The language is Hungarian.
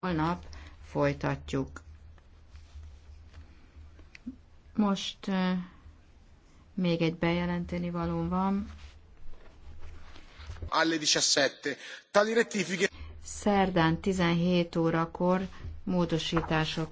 holnap folytatjuk. Most még egy bejelenteni valóm van. Alle 17. Tali rettifiche. Szerdán 17 órakor módosítások